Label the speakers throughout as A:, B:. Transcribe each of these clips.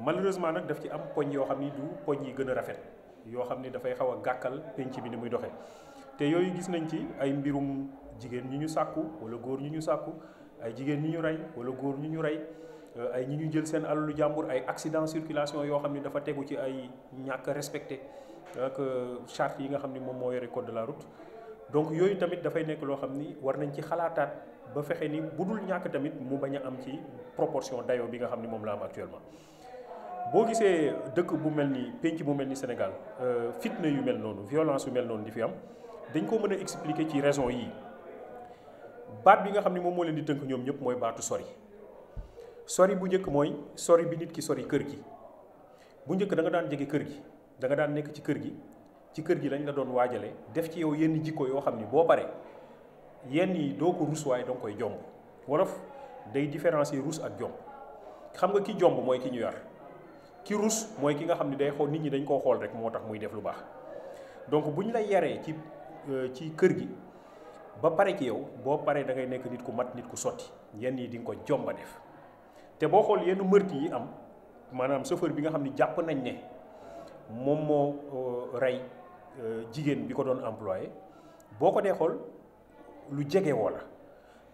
A: malheureusement nag daf ci am poñ yoo xam ni du poñ yi gën a rafet yoo xam ni dafay xaw a gàkkal penc bi ni muy doxee te yooyu gis nañ ci ay mbirum jigéen ñu ñu sàkku wala góor ñu ñu sàkku ay jigéen ñu ñu rey wala góor ñu ñu rey euh, ay ñi ñu jël seen alalu jàmbur ay accident circulation yoo xam ni dafa tegu ci ay ñàkk respecte ak euh, charte yi nga xam ni moom moo yore code de la route donc yooyu tamit dafay nekk loo xam ni war nañ ci xalaataat ba fexe ni bu ñàkk tamit mu bañ a am ci proportion dayoo bi nga xam ni moom la actuellement boo gisee dëkk bu mel ni penc mu mel ni Sénégal euh, fitna yu mel noonu violence yu mel noonu di fi am dañ koo mën a expliquer ci raison yii baat bi nga xam ne moom moo leen di tënk ñoom ñëpp mooy baatu sori sori bu njëkk mooy sori bi nit ki sori kër gi bu njëkk da nga daan jege kër gi danga daan nekk ci kër gi ci kër gi lañ la doon waajale def ci yow yenn jikko yoo xam ni boo pare yenn yi doo ko rus waaye danga koy jomb wolof day différencier rus ak jomb xam nga ki jomb mooy ki ñu yar ki rus mooy ki nga xam ne day xool nit ñi dañ koo xool rek moo tax muy def lu baax donc bu ñu la yaree ci euh, ci kër gi ba pare ki yow boo paree da ngay nekk nit ku mat nit ku sotti yenn yi di nga ko jomba def te boo xool yenn meurtre yi am maanaam chauffeur bi nga xam ni jàpp nañ ne moom moo euh, rey euh, jigéen bi ko doon employé boo ko dee xool lu jege woo la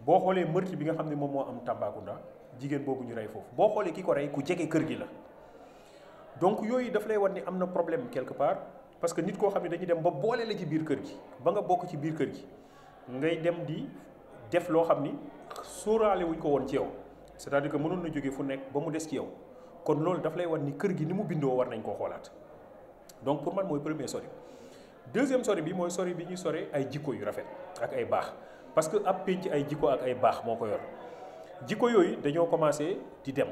A: boo xoolee meurtre bi nga xam ne moom moo am Tambacounda jigéen boobu ñu rey foofu boo xoolee ki ko rey ku jege kër gi la donc yooyu daf lay wan ni am na problème quelque part parce que nit koo xam ne dañuy dem ba boole la ci biir kër gi ba nga bokk ci biir kër gi ngay dem di def loo xam ni sóoraale ko woon ci yow c'est-à-dire que mënoon na jóge fu nekk ba mu des ci yow kon loolu daf lay wan ni kër gi ni mu bindoo war nañ koo xoolaat donc pour man mooy premier sori deuxième sori bi mooy sori bi ñuy sore ay jikko yu rafet ak ay baax parce que ab pénc ay jikko ak ay baax moo ko yor jikko yooyu dañoo commencé di dem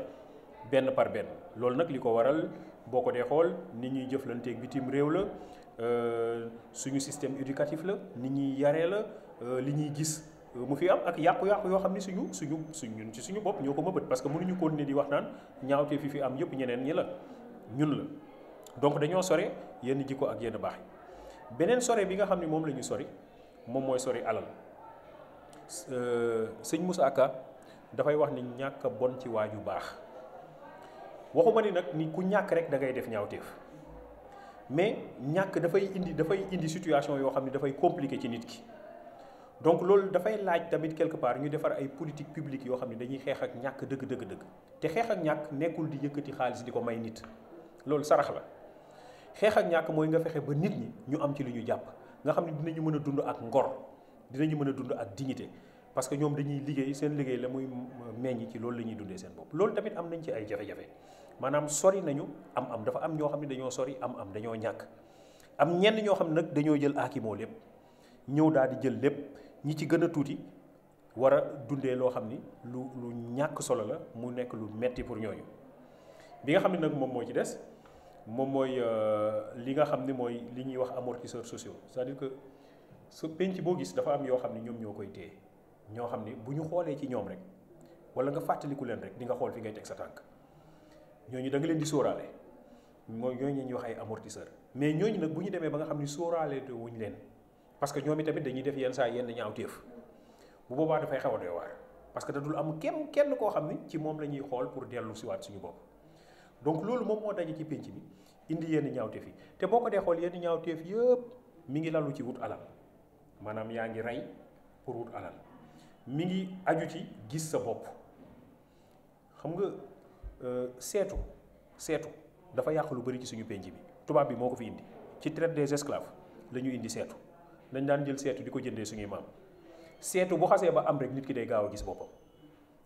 A: benn par loolu nag li ko waral boo ko dee xool nit ñuy jëflanteeg bitim réew la euh, suñu système éducatif la nit ñuy yaree la euh, li ñuy gis euh, mu fi am ak yàqu-yàqu yoo xam ne suñu suñu suñu ñun ci suñu bopp ñoo ko mëbët parce que mënuñu continuer di wax naan ñaawtee fi fi am yëpp ñeneen ñi la ñun la donc dañoo sore yenn jikko ak yenn baax yi beneen sore bi nga xam ne moom la ñu sori moom mooy sori alal sëñ Moussa Ka dafay wax ni ñàkk bon ci waaju baax waxuma ni nag ni ku ñàkk rek dangay def ñaawteef mais ñàkk dafay indi dafay indi situation yoo xam ne dafay compliqué ci nit ki donc loolu dafay laaj tamit quelque part ñu defar ay politique publique yoo xam ne dañuy xeex ak ñàkk dëgg dëgg dëgg te xeex ak ñàkk nekkul di yëkkati xaalis di ko may nit loolu sarax la xeex ak ñàkk mooy nga fexe ba nit ñi ñu am ci li ñu jàpp nga xam ne dinañu mën a dund ak ngor dinañu mën a dund ak dignité parce que ñoom dañuy liggéey seen liggéey la muy meññ ci loolu la ñuy dundee seen bopp loolu tamit am nañ ci ay jafe-jafe maanaam sori nañu am am dafa am ñoo xam ne dañoo sori am am dañoo ñàkk am ñenn ñoo xam ne nag dañoo jël aakimoo lépp ñëw daal di jël lépp ñi ci gën a tuuti war a dundee loo xam ni lu lu ñàkk solo la mu nekk lu metti pour ñooñu bi nga xam ne nag moom moo ci des moom mooy euh, li nga xam ni mooy li ñuy wax amortisseurs sociaux c'est-à-dire que su penc boo gis dafa am yoo xam ne ñoom ñoo koy téye ñoo xam ni bu ñu xoolee ci ñoom rek wala nga fàttaliku leen rek di nga xool fi ngay teg sa tànk ñooñu danga leen di sóoraale mooy ñooñu ñuy wax ay amortisseur mais ñooñu nag bu ñu demee ba nga xam ni sóoraale te wuñ leen parce que ñoom itamit dañuy def yenn saa yenn ñaaw téef bu boobaa dafay xaw a doy waar parce que da am kenn kenn koo xam ni ci moom la ñuy xool pour dellu siwaat suñu bopp donc loolu moom moo daje ci pénc mi indi yenn ñaawteef yi te boo ko dee xool yenn ñaawteef yëpp mi ngi lalu ci wut alal maanaam yaa ngi rey pour wut alal mi ngi aju ci gis sa bopp xam nga euh, seetu seetu dafa yàq lu bari ci suñu penc bi tubaab bi moo ko fi indi ci traite des esclaves lañu ñu indi seetu dañ daan jël seetu di ko jëndee suñuy maam seetu bu xasee ba am rek nit ki day gaaw a gis boppam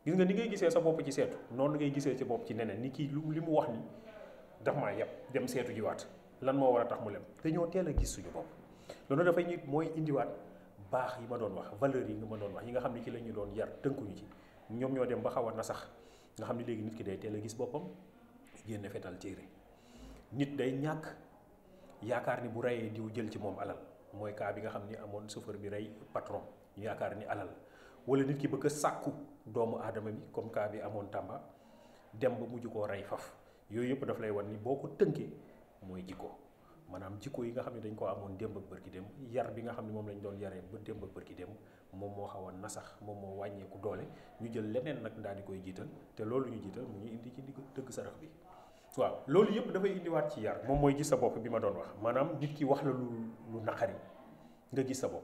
A: gis nga ni ngay gisee sa bopp ci seetu noonu ngay gisee sa bopp ci neneen ni kii li mu wax ni daf maa yàpp dem seetu jiwaat lan moo war a tax mu lem dañoo teel a gis suñu bopp loolu dafay nit mooy indiwaat baax yi ma doon wax valeurs yi nga ma doon wax yi nga xam ne ci la ñu doon yar tënkuñu ci ñoom ñoo dem ba xaw na sax nga xam ne léegi nit ki day teel a gis boppam génn fetal tiire nit day ñàkk yaakaar ni bu reyee diw jël ci moom alal mooy cas bi nga xam ni amoon chauffeur bi rey patron ñu yaakaar ni alal wala nit ki bëgg a sàkku doomu aadama bi comme cas bi amoon Tamba dem ba mujj koo rey faf yooyu yëpp daf lay wan ni boo ko tënkee mooy jikko maanaam jikko yi nga xam ne dañ koo amoon démb ak bërki démb yar bi nga xam ne moom lañ doon yaree ba démb ak bërki démb moom moo xaw a nasax moom moo wàññeeku doole ñu jël leneen nag daal di koy jiital te loolu ñu jiital mu ñu indi ci digg dëgg sarax bi waaw loolu yëpp dafay indiwaat ci yar moom mooy gis sa bopp bi ma doon wax maanaam nit ki wax la lu lu naqari nga gis sa bopp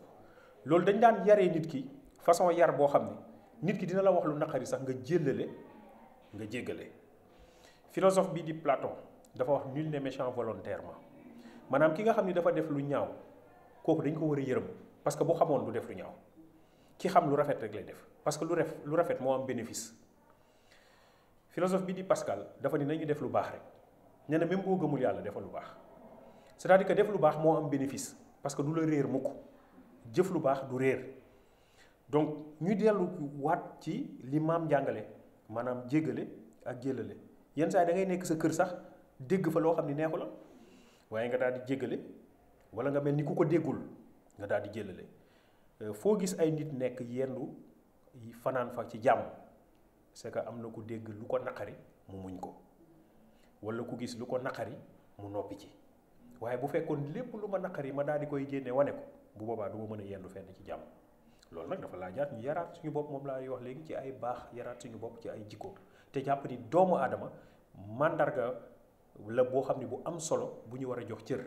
A: loolu dañ daan yaree nit ki façon yar boo xam ne nit ki dina la wax lu naqari sax nga jéllale nga jéggale philosophe bii di Platon dafa wax nul n'est méchant volontairement maanaam ki nga xam ni dafa def lu ñaaw kooku dañ ko war a yërëm parce que bu xamoon du def lu ñaaw ki xam lu rafet rek lay def parce que lu ref lu rafet moo am bénéfice philosophe bi di Pascal dafa ni nañu def lu baax rek nee na même boo gëmul yàlla defal lu baax cest à que def lu baax moo am bénéfice parce que du la réer mukk jëf lu baax du réer donc ñu dellu waat ci li maam jàngale maanaam jéggale ak jëlale yenn saa yi da ngay nekk sa kër sax dégg fa loo xam ni neexu waaye nga daal di jégale wala nga mel ni ku ko déggul nga daal di jëlale euh, foo gis ay nit nekk yendu fanaan fa ci jàmm c'est que am na ku dégg lu ko naqari mu muñ ko walla ku gis lu ko naqari mu noppi ci waaye bu fekkoon lépp lu ma naqari ma daal di koy génne wane ko bu boobaa du ma mën a yendu fenn ci jàmm loolu nag dafa laajaat ñu yaraat suñu bopp moom laa wax léegi ci ay baax yaraat suñu bopp ci ay jikko te jàpp ni doomu aadama màndarga la boo xam ne bu am solo bu ñu war a jox cër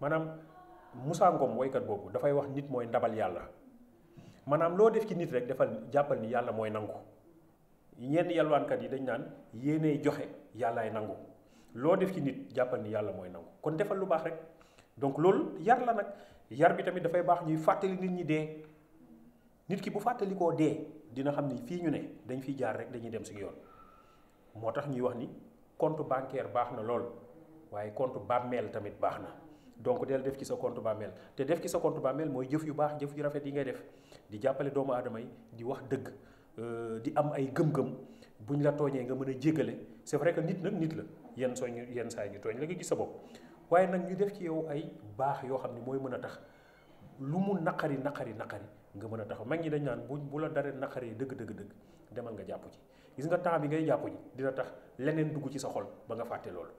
A: maanaam Moussa Ngom woykat boobu dafay wax nit mooy ndabal yàlla maanaam loo def ci nit rek defal jàppal ni yàlla mooy nangu ñenn yalwaankat yi dañ naan yéenay joxe yàllaay nangu loo def ci nit jàppal ni yàlla mooy nangu kon defal lu baax rek donc loolu yar la nag yar bi tamit dafay baax ñuy fàttali nit ñi dee nit ki bu fàttali koo dee dina xam ni fii ñu ne dañ fiy jaar rek dañuy dem si yoon moo tax ñuy wax ni. compte bancaire baax na lool waaye compte bàmmeel tamit baax na donc del def ci sa compte bàmmeel te def ci sa compte bàmmeel mooy jëf yu baax jëf yu rafet yi ngay def di jàppale doomu aadama yi di wax dëgg euh, di am ay gëm-gëm buñ la tooñee nga mën a jéggale c'est vrai que nit nag nit la yenn sooñ yenn saa ñu tooñ la nga gis sa bopp waaye nag ñu def ci yow ay baax yoo xam ne mooy mën a tax lu mu naqari naqari naqari nga mën a taxaw mag ñi dañ naan bu bu la dara naqaree dëgg dëgg dëgg demal nga jàpp ci gis nga temps bi ngay jàpp ji dina tax leneen dugg ci sa xol ba nga fàtte loolu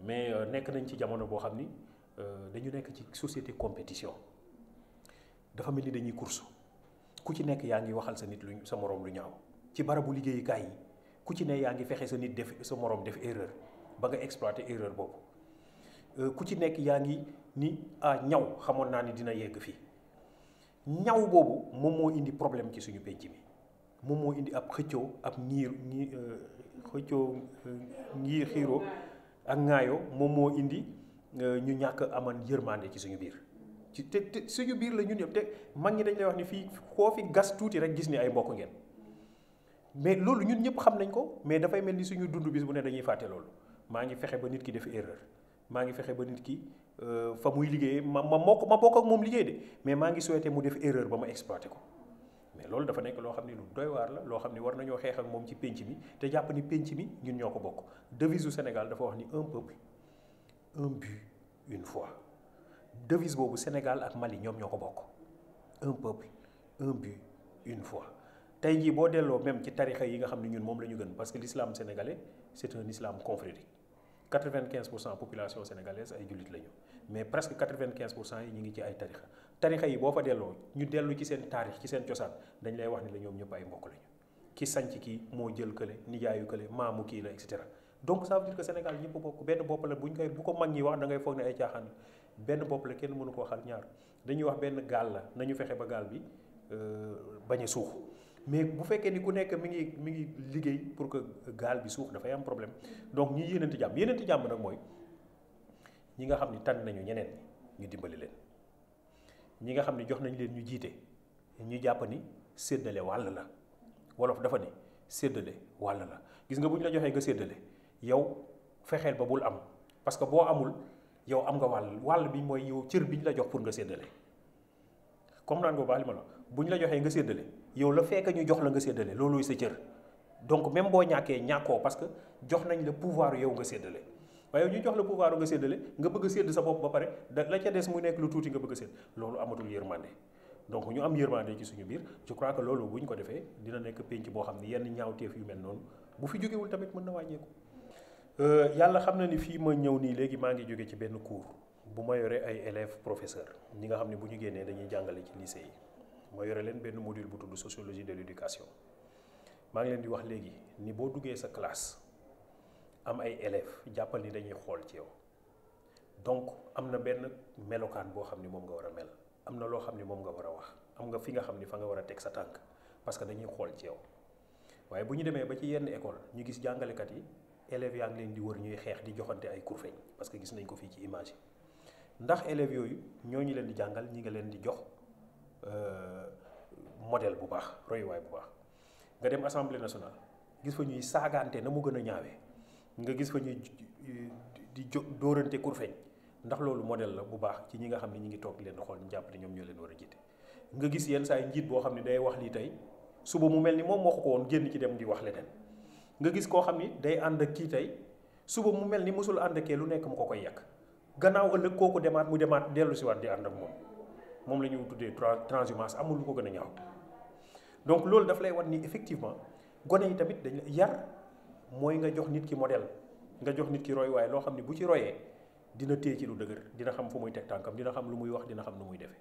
A: mais euh, nekk nañ ci jamono boo xam ni euh, dañu nekk ci société compétition dafa mel ni dañuy course ku ci nekk yaa ngi waxal sa nit lu sa moroom lu ñaaw ci barabu yi ku ci ne yaa ngi fexe sa nit def sa moroom def erreur ba nga exploité erreur boobu euh, ku ci nekk yaa ngi ni ah ñaw xamoon naa ni dina yegg fii ñaw boobu moom moo indi problème ci suñu penc mi moom moo indi ab xëccoo ab ñiir ñi euh, xëccoo euh, ngir xiiroo ak ŋaayoo moom moo indi euh, ñu ñàkk aman yërmande ci suñu biir ci te te suñu biir la ñun ñëpp te mag ñi dañ lay wax ni fii koo fi gas tuuti rek gis ni ay bokk ngeen mais loolu ñun ñëpp xam nañ ko mais dafay mel ni suñu dund bis bu ne dañuy fàtte loolu maa ngi fexe ba nit ki def erreur maa ngi fexe ba nit ki Euh, fa muy liggéey ma ma mokk ma bokk ak moom liggéey de mais maa ngi souhaité mu def erreur ba ma exploité ko mais loolu dafa nekk loo xam ne lu doy waar la loo xam ne war nañoo xeex ak moom ci pénc mi te jàpp ni pénc mi ñun ñoo ko bokk devise du Sénégal dafa wax ni un peuple un but une fois devise boobu Sénégal ak Mali ñoom ñoo ko bokk un peuple un but une foi tey jii boo delloo même ci tarixa yi nga xam ne ñun moom la ñu gën parce que l'islam sénégalais c'est un islam confrérique quatre-vingt-quinze pour cent population sénégalaise ay jullit la ñu mais presque quatre-vingt-quinze pour cent yi ñu ngi ci ay tarixa tarixa yi boo fa delloo ñu dellu ci seen taarix ci seen cosaan dañ lay wax ni la ñoom ñëpp ay mbokk lañu ki sanc kii moo jël kële nijaayu kële maamu kii la et cetera donc ça veut dire Sénégal ñëpp bokk benn bopp la bu ñu koy bu ko mag ñi wax da ngay foog ne ay caaxaan benn bopp la kenn mënu ko waxal ñaar dañuy wax benn gaal la nañu fexe ba gaal bi euh, bañ a suux mais bu fekkee ni ku nekk mi ngi mi ngi liggéey pour que gaal bi suux dafay am problème donc ñi yéenante jàmm yéenante jàmm nag mooy ñi nga xam ni tànn nañu ñeneen ñu dimbali leen ñi nga xam ni jox nañ leen ñu jiite ñu jàpp ni séddale wàll la wolof dafa ni séddale wàll la gis nga bu ñu la joxee nga séddale yow fexeel ba bul am parce que boo amul yow am nga wàll wàll bi mooy yow cër bi ñu la jox pour nga séddale comme naan nga baal ma bu ñu la joxee nga séddale yow la fekk ñu jox la nga séddale loolooy sa cër donc même boo ñàkkee ñàkkoo parce que jox nañ la pouvoir yow nga séddale waaye ñu jox la pouvoir nga séddale nga bëgg a sédd sa bopp ba pare da la ca des mu nekk lu tuuti nga bëgg a sédd loolu amatul yërmande donc ñu am yërmande ci suñu biir je crois que loolu bu ñu ko defee dina nekk pénc boo xam ne yenn ñaaw ñaawteef yu mel noonu bu fi jógewul tamit mën na wàññeeku euh, yàlla xam na ni fii ma ñëw nii léegi maa ngi jóge ci benn cours bu ma yore ay élèves professeur ñi nga xam ne bu ñu génnee dañuy jàngale ci lycée yi ma yore leen benn module bu tudd sociologie de l'éducation maa ngi leen di wax léegi ni boo duggee sa classe am ay élèves jàppal ni dañuy xool ci yow donc am na benn melokaan boo xam ni moom nga war a mel am na loo xam ni moom nga war a wax am nga fi nga xam ni fa nga war a teg sa tànk parce que dañuy xool ci yow waaye bu ñu demee ba ci yenn école ñu gis jàngalekat yi élèves yaa ngi leen di wër ñuy xeex di joxante ay kurfeñ parce que gis nañ ko fii ci image ndax élèves yooyu ñoo ñu leen di jàngal ñi nga leen di jox euh, model bu baax royuwaay bu baax nga dem assemblée nationale gis fa ñuy na mu gën a ñaawee nga gis ko ñuy di doorante dóorante kurfeñ ndax loolu modèle la bu baax ci ñi nga xam ne ñi ngi toog leen xool ñu jàpp ne ñoom ñoo leen war a jiite nga gis yenn saa yi boo xam ne day wax lii tey suba mu mel ni moom waxu ko woon génn ci dem di wax leneen nga gis koo xam ni day ànd ak kii tey suba mu mel ni mosul ànd kee lu nekk mu ko koy yàq gannaaw ëllëg kooku demaat mu demaat dellu waat di ànd ak moom moom la ñu tuddee transhumance amul lu ko gën a ñaaw donc loolu daf lay wan ni effectivement gone yi tamit dañ yar mooy nga jox nit ki modèle nga jox nit ki roy waaye loo xam ne bu ci royee dina téye ci lu dëgër dina xam fu muy teg tànkam dina xam lu muy wax dina xam nu muy defee